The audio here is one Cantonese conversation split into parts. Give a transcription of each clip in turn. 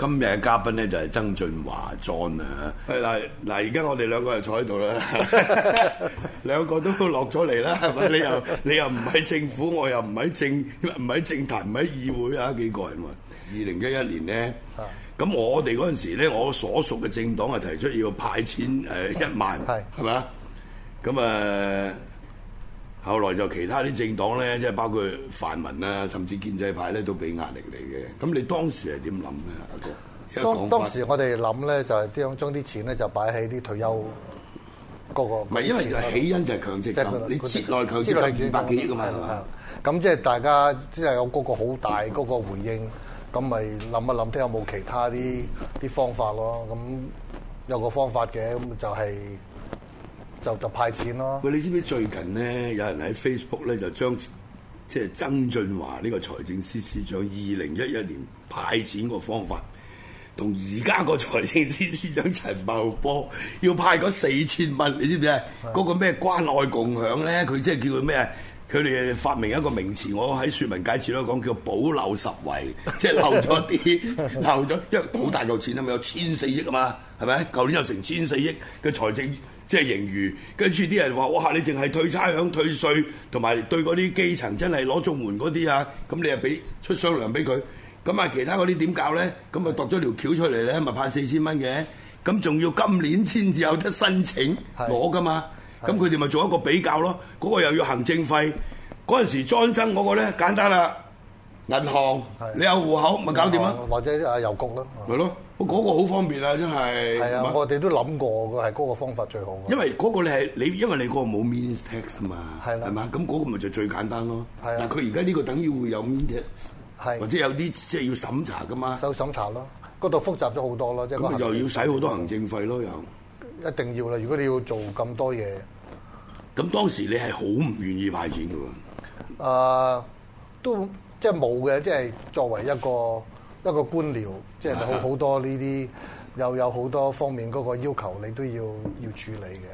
今日嘅嘉賓咧就係曾俊華 John 啊，係。嗱嗱，而家我哋兩個又坐喺度啦， 兩個都落咗嚟啦，係咪？你又你又唔喺政府，我又唔喺政唔喺政壇，唔喺議會啊，幾個人喎？二零一一年咧，咁我哋嗰陣時咧，我所屬嘅政黨係提出要派錢誒、呃、一萬，係係咪啊？咁啊。呃後來就其他啲政黨咧，即係包括泛民啦，甚至建制派咧，都俾壓力你嘅。咁你當時係點諗咧，阿哥？當時我哋諗咧，就係將將啲錢咧就擺喺啲退休嗰個。因為就起因就係強積金，就是、你節內強積金百幾億嘅嘛。咁即係大家即係有嗰個好大嗰個回應，咁咪諗一諗睇有冇其他啲啲方法咯？咁有個方法嘅，咁就係、是。就就派錢咯！喂，你知唔知最近咧，有人喺 Facebook 咧就將即係曾俊華呢個財政司司長二零一一年派錢個方法，同而家個財政司司長陳茂波要派嗰四千蚊，你知唔知啊？嗰、嗰個咩關愛共享咧，佢即係叫佢咩？佢哋發明一個名詞我說界說，我喺説文解字都講叫補漏拾遺，」 即係漏咗啲漏咗，因為好大嚿錢啊嘛，有千四億啊嘛，係咪？舊年有成千四億嘅財政。即係盈餘，跟住啲人話：哇你淨係退差餉、退稅，同埋對嗰啲基層真係攞綜援嗰啲啊，咁你又俾出雙糧俾佢，咁啊其他嗰啲點搞咧？咁啊度咗條橋出嚟咧，咪是的 派四千蚊嘅，咁仲要今年先至有得申請攞噶是的 嘛？咁佢哋咪做一個比較咯，嗰、嗰個又要行政費，嗰陣時裝增嗰個咧簡單啦，銀行是的 你有戶口咪搞掂咯，或者啊郵局咯，咯。嗰個好方便啊！真係吧，啊，我哋都諗過，佢係嗰個方法最好。因為嗰個你係你，因為你嗰個冇 means test 嘛，係嘛是、啊？咁嗰個咪就最簡單咯。但係佢而家呢個等於會有，係是、啊、或者有啲即係要審查噶嘛？受審查咯，嗰度複雜咗好多咯，即係又要使好多行政費咯，又一定要啦！如果你要做咁多嘢，咁當時你係好唔願意派錢㗎喎？誒，都即係冇嘅，即、就、係、是就是、作為一個。一個官僚，即係好好多呢啲，又有好多方面嗰個要求，你都要要處理嘅。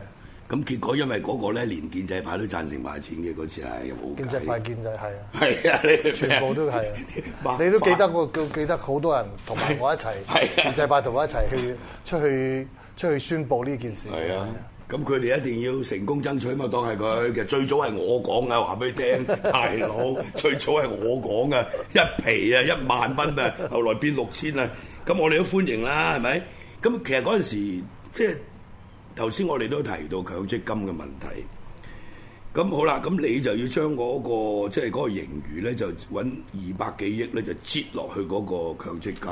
咁結果因為嗰個咧連建制派都贊成賣錢嘅嗰次係冇。建制派建制係啊，啊， 全部都係啊， 你都記得個，記得好多人同埋我一齊，啊、建制派同我一齊去出去 出去宣佈呢件事。咁佢哋一定要成功爭取嘛，當係佢其實最早係我講嘅，話俾你聽，大佬最早係我講嘅，一皮啊一萬蚊啊，後來變六千啊，咁我哋都歡迎啦，係咪？咁其實嗰陣時即係頭先我哋都提到強積金嘅問題，咁好啦，咁你就要將嗰個即係嗰個盈餘咧，就揾二百幾億咧，就摺落去嗰個強積金，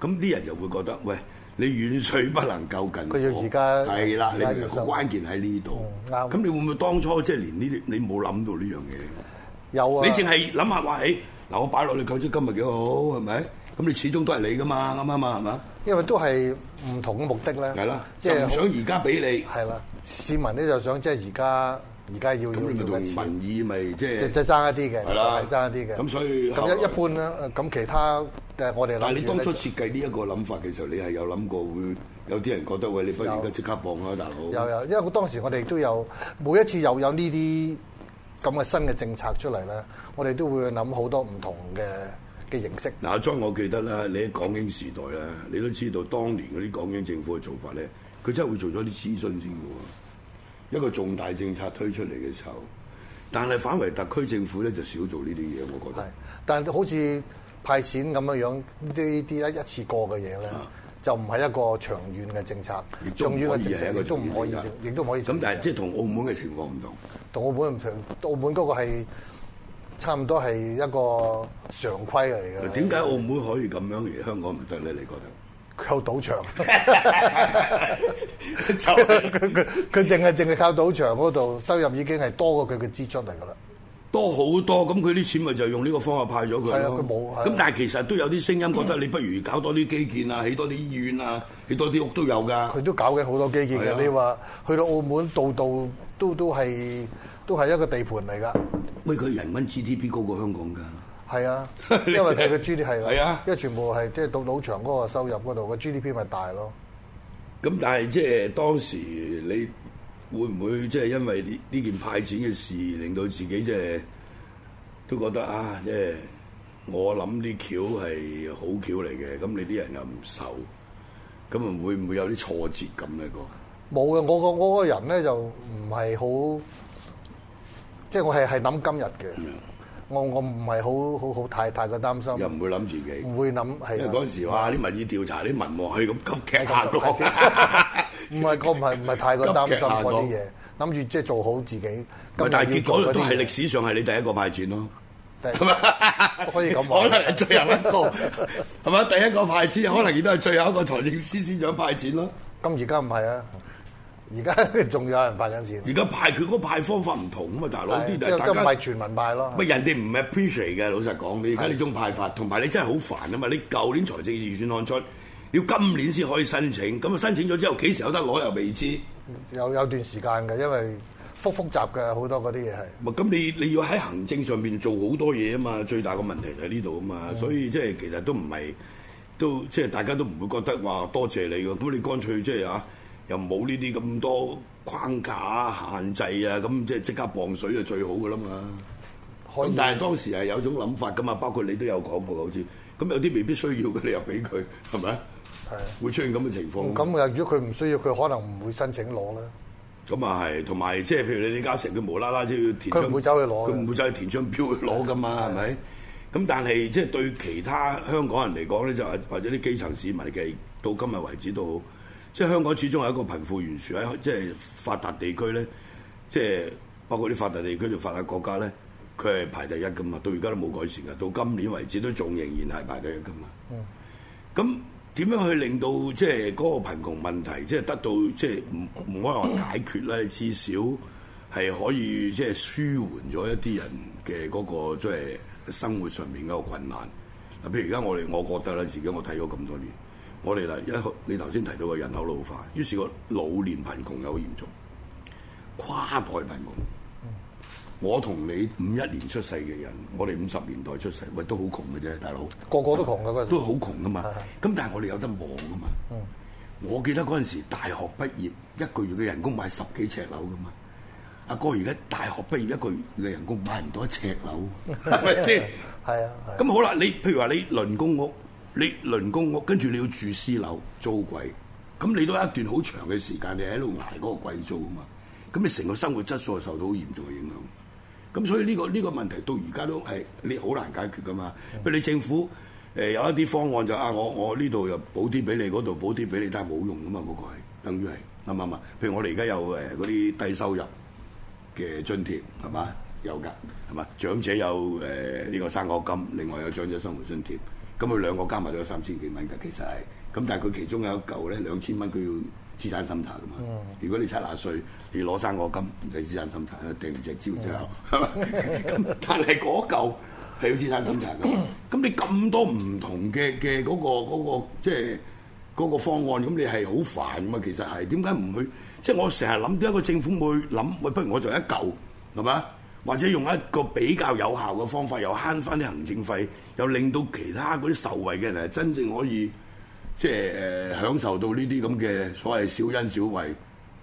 咁啲人就會覺得喂。你遠水不能夠近火。係啦了，佢要而家你其實關鍵喺呢度。啱，咁你會唔會當初即係連呢啲你冇諗到呢樣嘢？有啊，你只想想說，你淨係諗下話，哎嗱，我擺落你救災今日幾好係咪？咁你始終都係你噶嘛，啱啱啊？係嘛，因為都係唔同嘅目的啦。係啦了，即係唔想而家俾你。係啦，市民咧就想即係而家。而家要要，要是民意，就是，咪即係即係爭一啲嘅，係啦，爭一啲嘅。咁所以咁一一般啦，咁其他嘅我哋諗。但你當初設計呢一個諗法嘅時候，你係有諗過會有啲人覺得喂，你不如而家即刻放開，有大佬哥。有有，因為我當時我哋都有每一次又有呢啲咁嘅新嘅政策出嚟咧，我哋都會諗好多唔同嘅嘅形式。嗱、啊，張我記得啦，你喺港英時代咧，你都知道當年嗰啲港英政府嘅做法咧，佢真係會做咗啲諮詢先嘅喎。一個重大政策推出嚟嘅時候，但係反為特區政府咧就少做呢啲嘢，我覺得。係，但係好似派錢咁嘅樣，呢啲一一次過嘅嘢咧，啊、就唔係一個長遠嘅政策。重要嘅政策亦都唔可以，亦都唔可以是。咁但係即係同澳門嘅情況唔同。同澳門唔同，澳門嗰個係差唔多係一個常規嚟嘅。點解澳門可以咁樣而香港唔得咧？你覺得？靠賭場，佢佢佢淨係淨係靠賭場嗰度收入已經係多過佢嘅支出嚟㗎啦，多好多。咁佢啲錢咪就用呢個方法派咗佢。係啊，佢冇啊。咁、啊、但係其實都有啲聲音覺得你不如搞多啲基建啊，起多啲醫院啊，起多啲屋都有㗎。佢都搞緊好多基建嘅，係啊、你話去到澳門度度都係都係都係一個地盤嚟㗎。咩佢人民 GDP 高過香港㗎？係啊，因為佢個 GDP 係，係啊的，因為全部係即係到賭場嗰個收入嗰度，個 GDP 咪大咯。咁但係即係當時你會唔會即係因為呢件派錢嘅事，令到自己即係都覺得啊，即係我諗啲橋係好橋嚟嘅。咁你啲人又唔受，咁啊會唔會有啲挫折感呢個？冇嘅，我個我個人咧就唔係好，即係我係係諗今日嘅。Yeah. 我我唔係好好好太太過擔心，又唔會諗自己，唔會諗係。因為嗰陣時哇，啲民意調查啲民望係咁急劇下降，唔係個唔係唔係太過擔心嗰啲嘢，諗住即係做好自己。唔係，但係結果都係歷史上係你第一個派錢咯。可以咁講，可能係最後一個係咪？第一個派錢，可能亦都係最後一個財政司司長派錢咯。咁而家唔係啊。而家仲有人派緊事，而家派佢嗰派方法唔同啊嘛，大佬，對大家唔係全民派咯。咪人哋唔係 appreciate 嘅，老實講，依家呢種派法，同埋的你真係好煩啊嘛！你舊年財政預算案出，要今年先可以申請，咁啊申請咗之後幾時有得攞又未知。有有段時間嘅，因為複複雜嘅好多嗰啲嘢係。咁你你要喺行政上面做好多嘢啊嘛，最大嘅問題就喺呢度啊嘛，嗯、所以即係其實都唔係，都即係大家都唔會覺得話多謝你嘅，咁你乾脆即係啊。又冇呢啲咁多框架限制啊，咁即係即刻磅水就最好噶啦嘛。咁以但係當時係有種諗法噶嘛，包括你都有講過，好似咁有啲未必需要嘅，你又俾佢係咪？係。是的 會出現咁嘅情況。咁啊、嗯，如果佢唔需要，佢可能唔會申請攞啦。咁啊係，同埋即係譬如你李嘉誠，佢無啦啦即要填。佢唔會走去攞。佢唔會走去填張表去攞噶嘛，係咪？咁但係即係對其他香港人嚟講咧，就係或者啲基層市民嘅，到今日為止都即係香港始終係一個貧富懸殊，喺即係發達地區咧，即係包括啲發達地區同發達國家咧，佢係排第一噶嘛，到而家都冇改善噶，到今年為止都仲仍然係排第一噶嘛。嗯。咁點樣去令到即係嗰個貧窮問題即係得到即係唔唔可以話解決咧，至少係可以即係舒緩咗一啲人嘅嗰個即係生活上面嗰個困難。嗱，譬如而家我哋我覺得啦，自己我睇咗咁多年。我哋啦，一你頭先提到個人口老化，於是個老年貧窮又好嚴重，跨代貧窮。我同你五一年出世嘅人，我哋五十年代出世，喂都好窮嘅啫，大佬。個個都窮㗎，嗰陣時吧都好窮㗎嘛，咁的但係我哋有得望噶嘛。的我記得嗰陣時大學，哥哥大學畢業一個月嘅人工買十幾尺樓噶嘛。阿哥而家大學畢業一個月嘅人工買唔到一尺樓，係咪先？係啊。咁、 就是、好啦，你譬如話你輪公屋。你輪工，我跟住你要住私樓租貴，咁你都有一段好長嘅時間，你喺度挨嗰個貴租啊嘛，咁你成個生活質素受到好嚴重嘅影響。咁所以呢、這個呢、這個問題到而家都係你好難解決噶嘛。不如你政府誒、呃、有一啲方案就是、啊，我我呢度又補啲俾你，嗰度補啲俾你，但係冇用噶嘛，嗰、那個係等於係啱唔啱？譬如我哋而家有嗰啲低收入嘅津貼係嘛，有㗎係嘛，長者有誒呢、呃這個三個金，另外有長者生活津貼。咁佢兩個加埋都有三千幾蚊㗎，其實係，咁但係佢其中有一嚿咧兩千蚊，佢要資產審查㗎嘛。如果你七十歲，你攞生果金，唔使資產審查，定唔知係招之後，係嘛？咁但係嗰嚿係要資產審查㗎嘛。咁你咁多唔同嘅嘅嗰個嗰個即係嗰個方案，咁你係好煩㗎嘛？其實係點解唔去？即係我成日諗，一個政府會諗，喂，不如我做一嚿，係咪？或者用一個比較有效嘅方法，又慳翻啲行政費，又令到其他嗰啲受惠嘅人係真正可以即係誒享受到呢啲咁嘅所謂小恩小惠，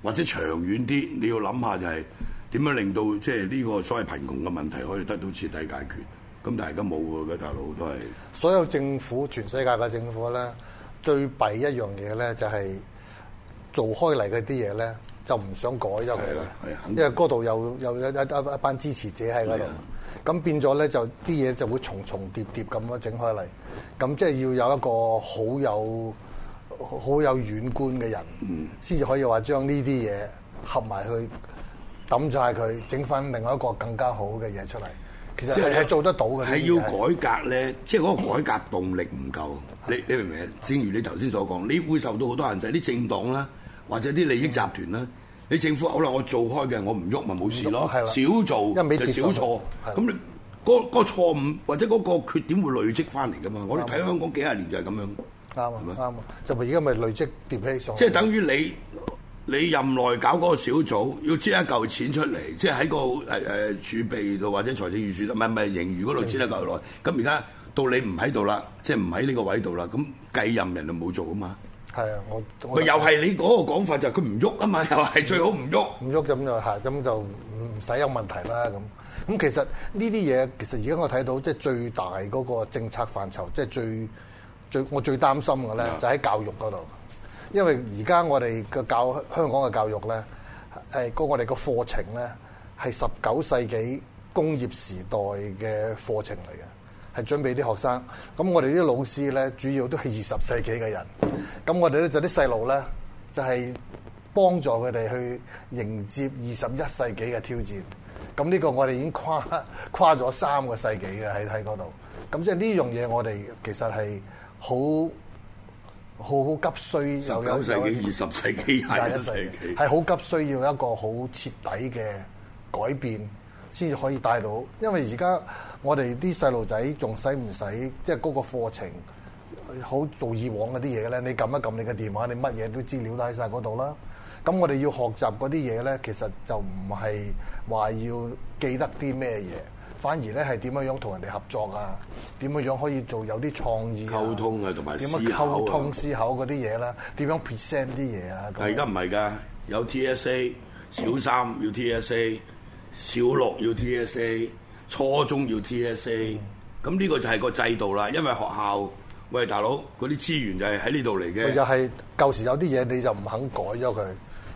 或者長遠啲，你要諗下就係點樣令到即係呢個所謂貧窮嘅問題可以得到徹底解決？咁但係而家冇喎，個大陸都係。所有政府全世界嘅政府咧，最弊一樣嘢咧就係做開嚟嗰啲嘢咧。就唔想改咗佢啦，因為嗰度又又一一班支持者喺嗰度，咁是的 變咗咧就啲嘢就會重重疊疊咁樣整開嚟，咁即係要有一個好有好有遠觀嘅人，先至、嗯、可以話將呢啲嘢合埋去揼晒佢，整翻另外一個更加好嘅嘢出嚟。其實係做得到嘅，係要改革咧，即係嗰個改革動力唔夠。你的你明唔明啊？的正如你頭先所講，你會受到好多人制啲政黨啦。或者啲利益集團咧，嗯、你政府好啦，我做開嘅，我唔喐咪冇事咯，係少做就少錯做，咁你嗰嗰個錯誤或者嗰個缺點會累積翻嚟噶嘛？對吧 我哋睇香港幾十年就係咁樣，啱啊，啱啊，就咪而家咪累積疊起上。即係等於你你任內搞嗰個小組，要擠一嚿錢出嚟，即係喺個誒誒儲備度或者財政預算唔係唔係盈餘嗰度擠一嚿落去。咁而家到你唔喺度啦，即係唔喺呢個位度啦，咁繼任人就冇做啊嘛。係啊，我，我又係你嗰個講法就係佢唔喐啊嘛，又係最好唔喐，唔喐就咁就吓咁就唔使有問題啦咁。咁其實呢啲嘢，其實而家我睇到即係最大嗰個政策範疇，即係最最我最擔心嘅咧，就喺教育嗰度。因為而家我哋嘅教香港嘅教育咧，誒個我哋個課程咧係十九世紀工業時代嘅課程嚟嘅。係準備啲學生，咁我哋啲老師咧，主要都係二十世紀嘅人，咁我哋咧就啲細路咧，就係、是、幫助佢哋去迎接二十一世紀嘅挑戰。咁呢個我哋已經跨跨咗三個世紀嘅喺喺嗰度。咁即係呢樣嘢，我哋其實係好好急需，要，十九世紀、二十世紀、廿一世紀，係好急需要一個好徹底嘅改變。先至可以帶到，因為而家我哋啲細路仔仲使唔使即係嗰個課程好做以往嗰啲嘢咧？你撳一撳你嘅電話，你乜嘢都資料都喺晒嗰度啦。咁我哋要學習嗰啲嘢咧，其實就唔係話要記得啲咩嘢，反而咧係點樣樣同人哋合作啊？點樣樣可以做有啲創意、溝通啊，同埋點樣溝通思考嗰啲嘢啦？點樣 present 啲嘢啊？咁而家唔係㗎，有 TSA 小三要 TSA。小六要 TSA，初中要 TSA，咁呢個就係個制度啦。因為學校，喂大佬，嗰啲資源就係喺呢度嚟嘅。就係舊時有啲嘢你就唔肯改咗佢，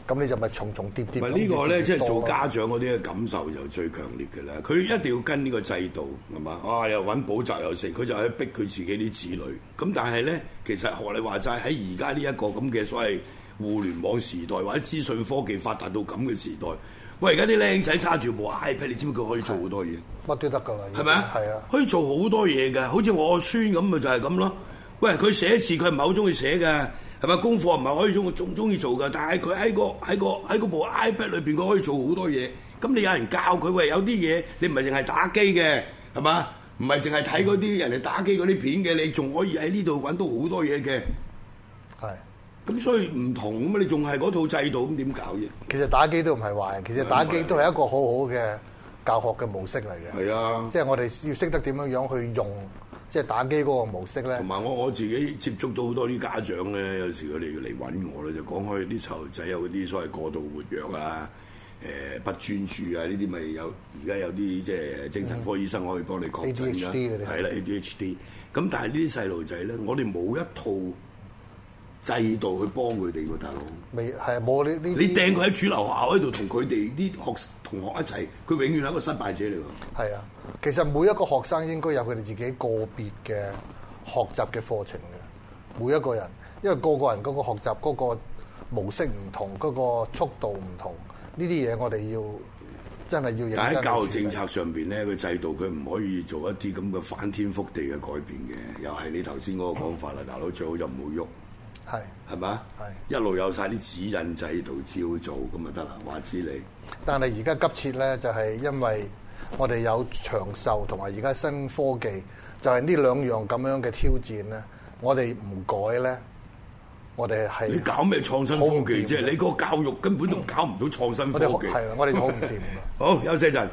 咁你就咪重重疊疊。咪呢個咧，即係做家長嗰啲嘅感受就最強烈嘅啦。佢一定要跟呢個制度，係嘛？啊又揾補習又剩，佢就係逼佢自己啲子女。咁但係咧，其實學你話齋喺而家呢一個咁嘅所謂互聯網時代或者資訊科技發達到咁嘅時代。喂，而家啲靚仔揸住部 iPad，你知唔知佢可以做好多嘢？乜都得㗎喇，係咪啊？係啊，可以做好多嘢㗎，好似我孫咁咪就係咁咯。喂，佢寫字佢唔係好鍾意寫嘅，係咪？功課唔係可以中，仲鍾意做㗎。但係佢喺個喺個喺部 iPad 裏面，佢可以做好多嘢。咁你有人教佢喂，有啲嘢你唔係淨係打機嘅，係嘛？唔係淨係睇嗰啲人哋打機嗰啲片嘅，你仲可以喺呢度揾到好多嘢嘅。咁所以唔同咁你仲係嗰套制度，咁點搞啫？其實打機都唔係壞，其實打機都係一個好好嘅教學嘅模式嚟嘅。係啊，即係我哋要識得點樣去用，即係打機嗰個模式咧。同埋我我自己接觸到好多啲家長咧，有時佢哋嚟揾我咧，就講開啲細路仔有嗰啲所謂過度活躍啊、呃、不專注啊呢啲，咪有而家有啲即係精神科醫生可以幫你確診啊。係啦，A D H D。咁但係呢啲細路仔咧，我哋冇一套。制度去幫佢哋喎，大佬。未係冇呢呢。你掟佢喺主流學校喺度同佢哋啲學同學一齊，佢永遠係一個失敗者嚟喎。係啊，其實每一個學生應該有佢哋自己個別嘅學習嘅課程嘅，每一個人，因為個個人嗰個學習嗰個模式唔同，嗰個速度唔同，呢啲嘢我哋要真係要。但喺教育政策上邊咧，個制度佢唔可以做一啲咁嘅翻天覆地嘅改變嘅，又係你頭先嗰個講法啦，大佬最好就唔好喐。係，係嘛，一路有晒啲指引制度照做咁啊得啦，話之你。但係而家急切咧，就係因為我哋有長壽同埋而家新科技，就係呢兩樣咁樣嘅挑戰咧。我哋唔改咧，我哋係你搞咩創新科技啫？你個教育根本都搞唔到創新科技。係我哋好唔掂。好，休息陣。